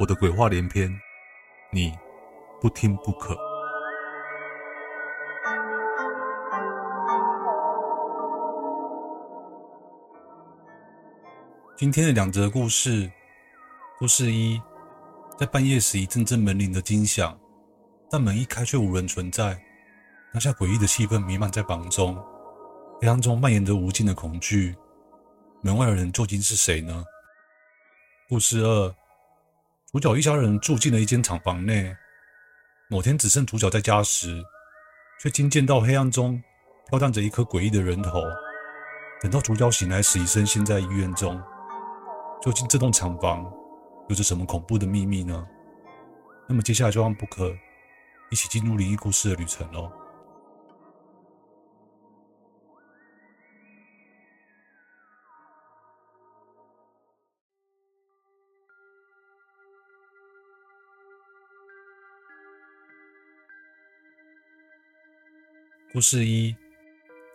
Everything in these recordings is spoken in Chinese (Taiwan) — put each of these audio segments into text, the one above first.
我的鬼話連篇，你不聽不可。今天的兩則故事，故事一，在半夜時一陣陣門鈴的驚響，但門一開卻無人存在，當下詭異的氣氛瀰漫在房中，黑暗中蔓延着無盡的恐懼。門外的人究竟是誰呢？故事二。主角一家人住進了一間廠房內。某天只剩主角在家時，卻驚見到黑暗中飄蕩着一顆詭異的人頭。等到主角醒來時，已身陷在醫院中。究竟這棟廠房有着什麼恐怖的秘密呢？那麼接下來就讓布克一起進入靈異故事的旅程咯。故事一，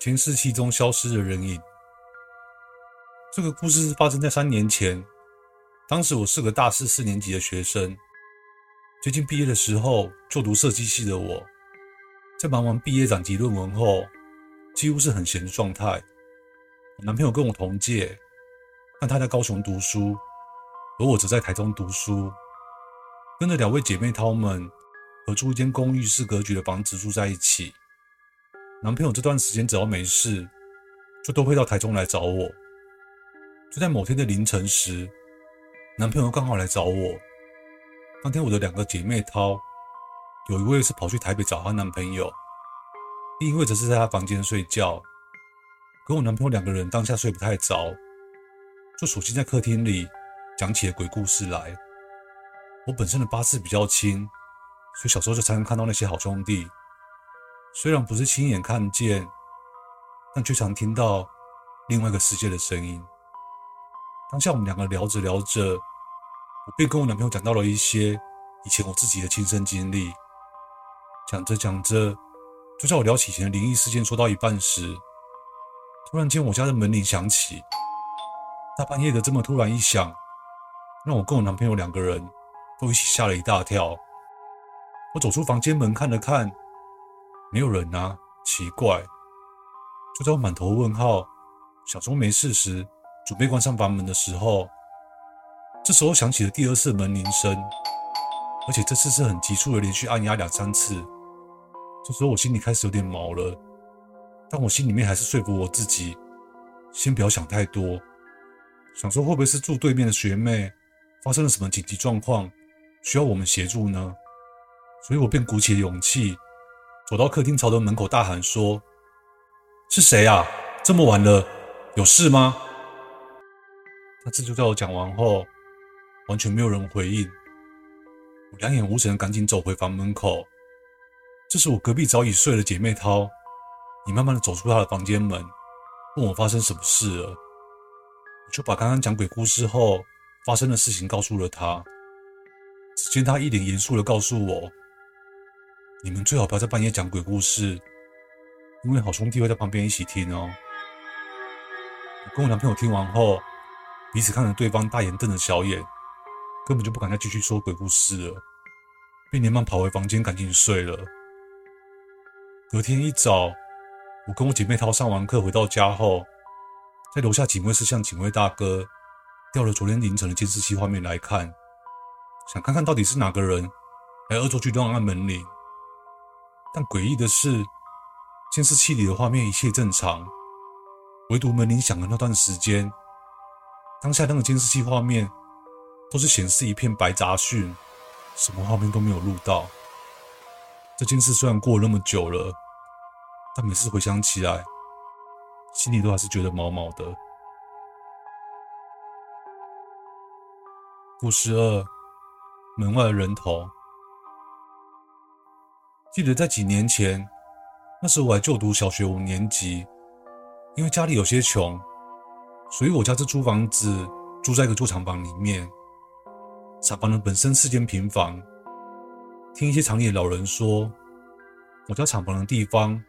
監視器中消失的人影。這個故事發生在三年前，當時我是個大四四年級的學生，接近畢業的時候就讀設計系的我，在忙完畢業展及論文後，幾乎是很閒的狀態。男朋友跟我同屆，但他在高雄讀書，而我則在台中讀書，跟着兩位姐妹淘們合租一間公寓式格局的房子住在一起。男朋友這段時間只要沒事，就都會到台中來找我。就在某天的凌晨時，男朋友剛好來找我。當天我的兩個姐妹淘，有一位是跑去台北找她男朋友，另一位則是在她房間睡覺。跟我男朋友兩個人當下睡不太着，就索性在客廳裡講起了鬼故事來。我本身的八字比較輕，所以小時候就常常看到那些好兄弟。雖然不是親眼看見，但卻常聽到另外一個世界的聲音。當下我們兩個聊着聊着，我便跟我男朋友講到了一些以前我自己的親身經歷。講着講着，就在我聊起以前的靈異事件說到一半時，突然間我家的門鈴響起，大半夜的這麼突然一響，讓我跟我男朋友兩個人都一起嚇了一大跳。我走出房間門看了看。沒有人啊，奇怪！就在我滿頭問號、想說沒事時，準備關上房門的時候，這時候響起了第二次門鈴聲，而且這次是很急促的，連續按壓兩三次。這時候我心裡開始有點毛了，但我心裡面還是說服我自己，先不要想太多，想說會不會是住對面的學妹發生了什麼緊急狀況，需要我們協助呢？所以我便鼓起了勇氣。走到客廳朝著門口大喊說：“是誰啊？這麼晚了，有事嗎？”他這就在我講完後，完全沒有人回應。我兩眼無神的趕緊走回房門口。這是我隔壁早已睡的姐妹淘。你慢慢的走出她的房間門，問我發生什麼事了。我就把剛剛講鬼故事後發生的事情告訴了她。只見她一臉嚴肅的告訴我。你們最好不要在半夜講鬼故事，因為好兄弟會在旁邊一起聽哦、喔。我跟我男朋友聽完後，彼此看着對方，大眼瞪着小眼，根本就不敢再繼續說鬼故事了，便連忙跑回房間趕緊睡了。隔天一早，我跟我姐妹淘上完課回到家後，在樓下警衛室向警衛大哥調了昨天凌晨的監視器畫面來看，想看看到底是哪個人來惡作劇亂按門鈴。但詭異的是，監視器裡的畫面一切正常，唯獨門鈴響的那段時間，當下那個監視器畫面都是顯示一片白雜訊，什麼畫面都沒有錄到。這件事雖然過了那麼久了，但每次回想起來，心裡都還是覺得毛毛的。故事二，門外的人頭。記得在幾年前，那時候我還就讀小學五年級，因為家裡有些窮，所以我家這租房子，住在一個舊廠房裡面。廠房的本身是間平房，聽一些廠裡的老人說，我家廠房的地方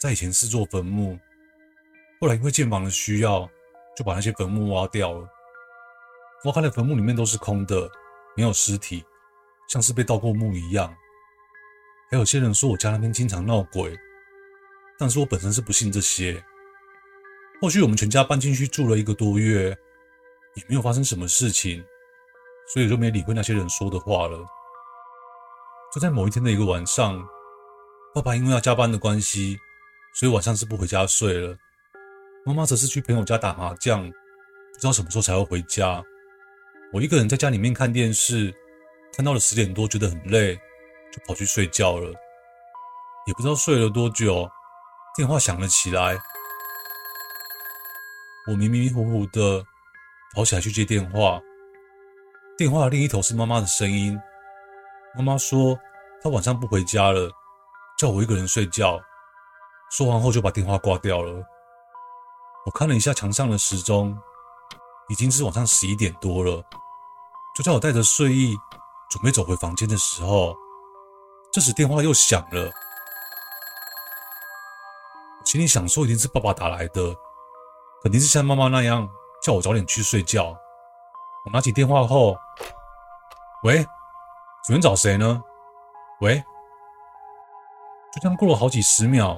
在以前是座墳墓，後來因為建房的需要，就把那些墳墓挖掉了。挖開的墳墓裡面都是空的，沒有屍體，像是被盜過墓一樣。還有些人說我家那邊經常鬧鬼，但是我本身是不信這些。後續我們全家搬進去住了一個多月，也沒有發生什麼事情，所以就沒理會那些人說的話了。就在某一天的一個晚上，爸爸因為要加班的關係，所以晚上是不回家睡了。媽媽則是去朋友家打麻將，不知道什麼時候才會回家。我一個人在家裡面看電視，看到了十點多，覺得很累。跑去睡覺了，也不知道睡了多久，電話響了起來。我迷迷糊糊的跑起來去接電話，電話的另一頭是媽媽的聲音。媽媽說她晚上不回家了，叫我一個人睡覺。說完後就把電話掛掉了。我看了一下牆上的時鐘，已經是晚上十一點多了。就在我帶着睡意準備走回房間的時候，這時電話又響了，心裡想說一定是爸爸打來的，肯定是像媽媽那樣叫我早點去睡覺。我拿起電話後，喂，主人找誰呢？喂，就這樣過了好幾十秒，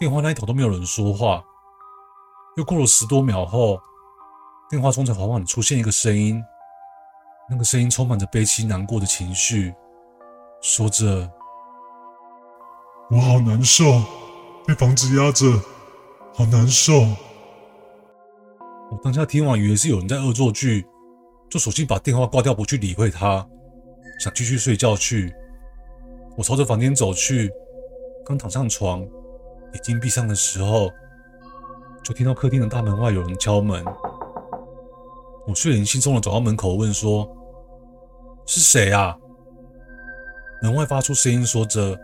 電話那一頭都沒有人說話。又過了十多秒後，電話中才緩緩地出現一個聲音，那個聲音充滿着悲戚難過的情緒。說着，我好難受，被房子壓着，好難受。我當下聽完，以為是有人在惡作劇，就索性把電話掛掉，不去理會他，想繼續睡覺去。我朝着房間走去，剛躺上床，眼睛閉上的時候，就聽到客廳的大門外有人敲門。我睡眼惺忪的走到門口，問說：“是誰啊？”門外發出聲音，說着：“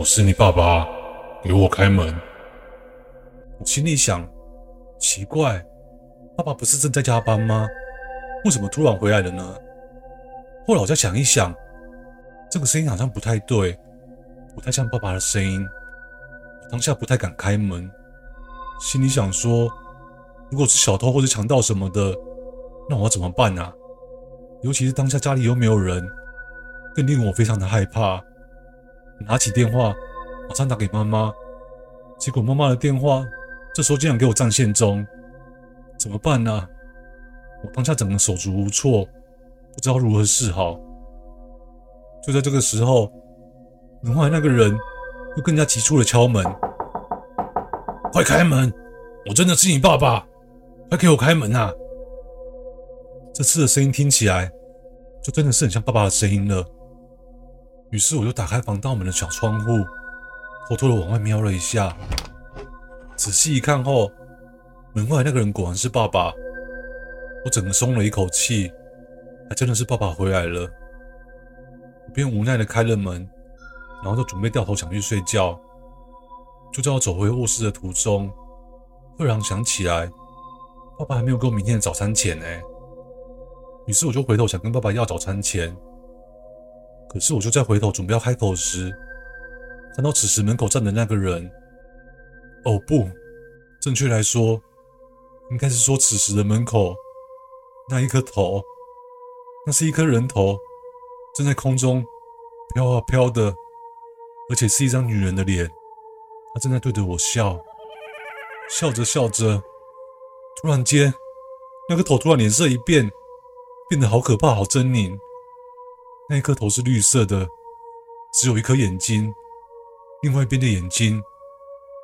我是你爸爸，給我開門。”我心裡想：“奇怪，爸爸不是正在加班嗎？為什麼突然回來了呢？”後來我再想一想，這個聲音好像不太對，不太像爸爸的聲音。當下不太敢開門，心裡想說：“如果是小偷或者強盜什麼的，那我要怎麼辦啊？尤其是當下家裡又沒有人。”更令我非常的害怕，拿起電話馬上打給媽媽，結果媽媽的電話這時候竟然給我占線中，怎麼辦呢、啊？我當下整個手足無措，不知道如何是好。就在這個時候，門外那個人又更加急促地敲門：“快開門，我真的是你爸爸，快給我開門啊！”這次的聲音聽起來就真的是很像爸爸的聲音了。於是我就打開防盜門的小窗戶，偷偷的往外瞄了一下。仔細一看後，門外那個人果然是爸爸，我整個鬆了一口氣，還真的是爸爸回來了。我便無奈的開了門，然後就準備掉頭想去睡覺。就在我走回臥室的途中，突然想起來，爸爸還沒有給我明天的早餐錢呢，欸。於是我就回頭想跟爸爸要早餐錢。可是，我就在回頭準備要開口時，看到此時門口站的那個人。哦不，正確來說，應該是說此時的門口那一顆頭，那是一顆人頭，正在空中飄啊飄的，而且是一張女人的臉，她正在對着我笑。笑着笑着，突然間，那個頭突然臉色一變，變得好可怕，好猙獰。那一顆頭是綠色的，只有一顆眼睛，另外一邊的眼睛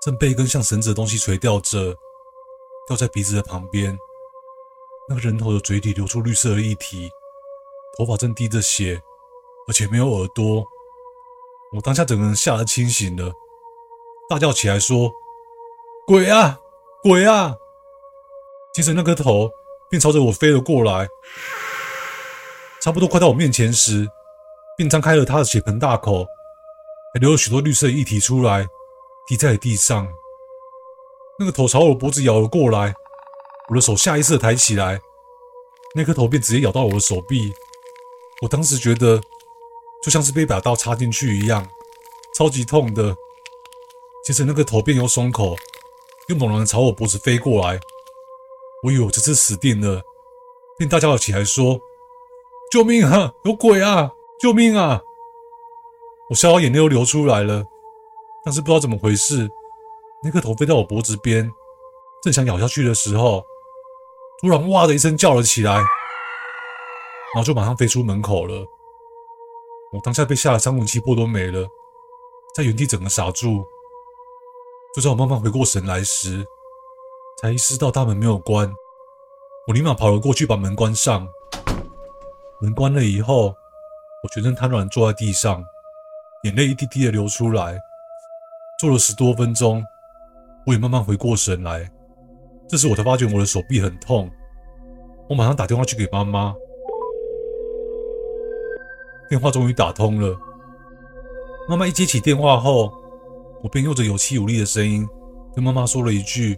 正被一根像繩子的東西垂吊着，吊在鼻子的旁邊。那個人頭的嘴裡流出綠色的液體，頭髮正滴着血，而且沒有耳朵。我當下整個人嚇得清醒了，大叫起來說：“鬼啊，鬼啊！”接着那個頭便朝着我飛了過來。差不多快到我面前時，便張開了他的血盆大口，還流了許多綠色的液體出來，滴在了地上。那個頭朝我的脖子咬了過來，我的手下意識抬起來，那顆頭便直接咬到我的手臂。我當時覺得就像是被一把刀插進去一樣，超級痛的。接着，那個頭便又鬆口又猛然朝我的脖子飛過來，我以為我這次死定了，便大叫起來說。救命啊！有鬼啊！救命啊！我笑到眼淚都流出來了，但是不知道怎麼回事，那顆頭飛到我脖子邊，正想咬下去的時候，突然哇的一聲叫了起來，然後就馬上飛出門口了。我當下被嚇得三魂七魄都沒了，在原地整個傻住。就在我慢慢回過神來時，才意識到大門沒有關，我立馬跑了過去把門關上。門關了以後，我全身癱軟坐在地上，眼淚一滴滴的流出來。坐了十多分鐘，我也慢慢回過神來。這時，我才發覺我的手臂很痛。我馬上打電話去給媽媽，電話終於打通了。媽媽一接起電話後，我便用着有氣無力的聲音跟媽媽說了一句：“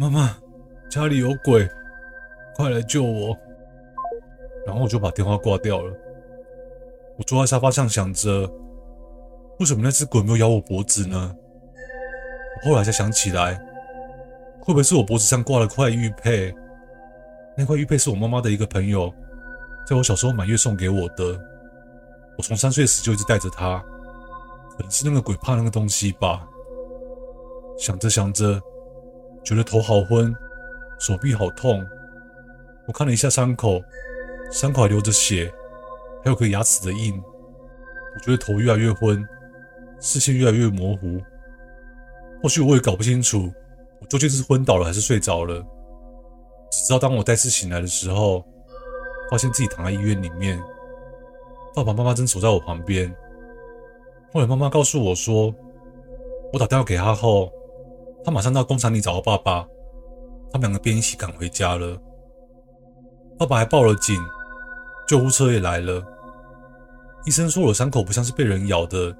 媽媽，家裡有鬼，快來救我。”然後我就把電話掛掉了。我坐在沙發上想着，為什麼那隻鬼沒有咬我脖子呢？我後來才想起來，會不會是我脖子上掛了塊玉佩？那塊玉佩是我媽媽的一個朋友，在我小時候滿月送給我的。我從三歲時就一直帶着它，可能是那個鬼怕那個東西吧。想着想着，覺得頭好昏，手臂好痛。我看了一下傷口。傷口還流着血，還有顆牙齒的印。我覺得頭越來越昏，視線越來越模糊。或許我也搞不清楚，我究竟是昏倒了還是睡着了。只知道當我再次醒來的時候，發現自己躺在醫院裡面。爸爸媽媽正守在我旁邊。後來媽媽告訴我說，我打電話給他後，他馬上到工廠裡找到爸爸，他們兩個便一起趕回家了。爸爸還報了警。救護車也來了。醫生說，我的傷口不像是被人咬的，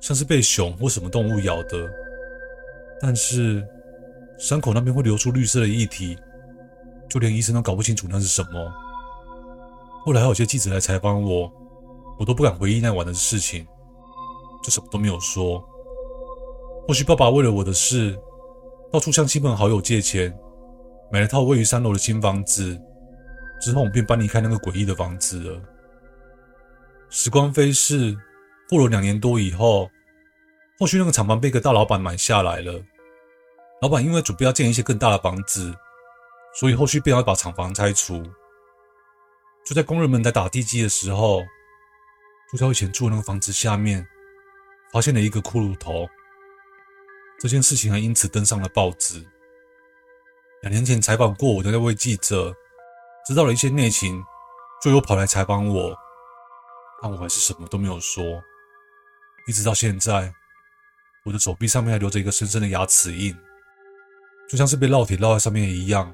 像是被熊或什麼動物咬的。但是傷口那邊會流出綠色的液體，就連醫生都搞不清楚那是什麼。後來還有一些記者來採訪我，我都不敢回憶那晚的事情，就什麼都沒有說。或許爸爸為了我的事，到處向親朋好友借錢，買了套位於三樓的新房子。之後，我便搬離開那個詭異的房子了。時光飛逝，過了兩年多以後，後續那個廠房被一個大老板買下來了。老闆因為準備要建一些更大的房子，所以後續便要把廠房拆除。就在工人們在打地基的時候，就在我以前住的那個房子下面，發現了一個骷髏頭。這件事情還因此登上了報紙。兩年前採訪過我的那位記者。知道了一些內情，就又跑來採訪我，但我還是什麼都沒有說。一直到現在，我的手臂上面還留着一個深深的牙齒印，就像是被烙鐵烙在上面一樣，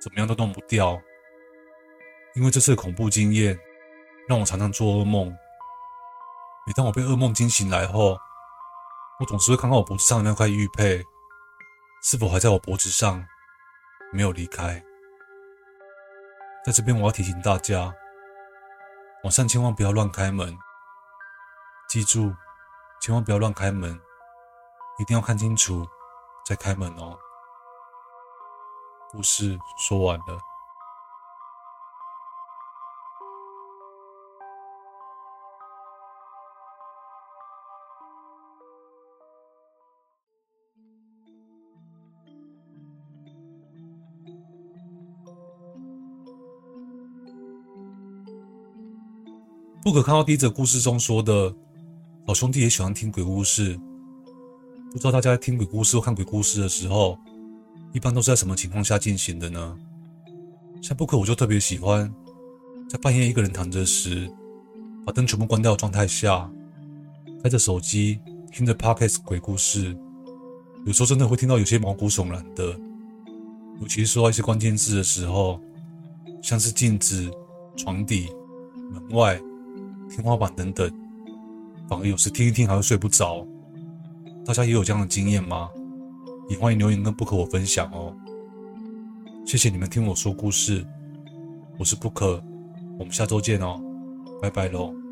怎麼樣都弄不掉。因為這次的恐怖經驗，讓我常常做噩夢。每當我被噩夢驚醒來後，我總是會看看我脖子上的那塊玉佩，是否還在我脖子上，沒有離開。在這邊，我要提醒大家，晚上千萬不要亂開門。記住，千萬不要亂開門，一定要看清楚再開門哦。故事說完了。如果看到第一則故事中說的，好兄弟也喜歡聽鬼故事。不知道大家聽鬼故事或看鬼故事的時候，一般都是在什麼情況下進行的呢？像 Book，我就特別喜歡在半夜一個人躺着時，把燈全部關掉的狀態下，開着手機聽着 Podcast 鬼故事。有時候真的會聽到有些毛骨悚然的，尤其是說到一些關鍵字的時候，像是鏡子、床底、門外。天花板等等，反而有時聽一聽還會睡不着。大家也有這樣的經驗嗎？也歡迎留言跟 Book 我分享哦。謝謝你們聽我說故事，我是 Book，我們下周見哦，拜拜嘍。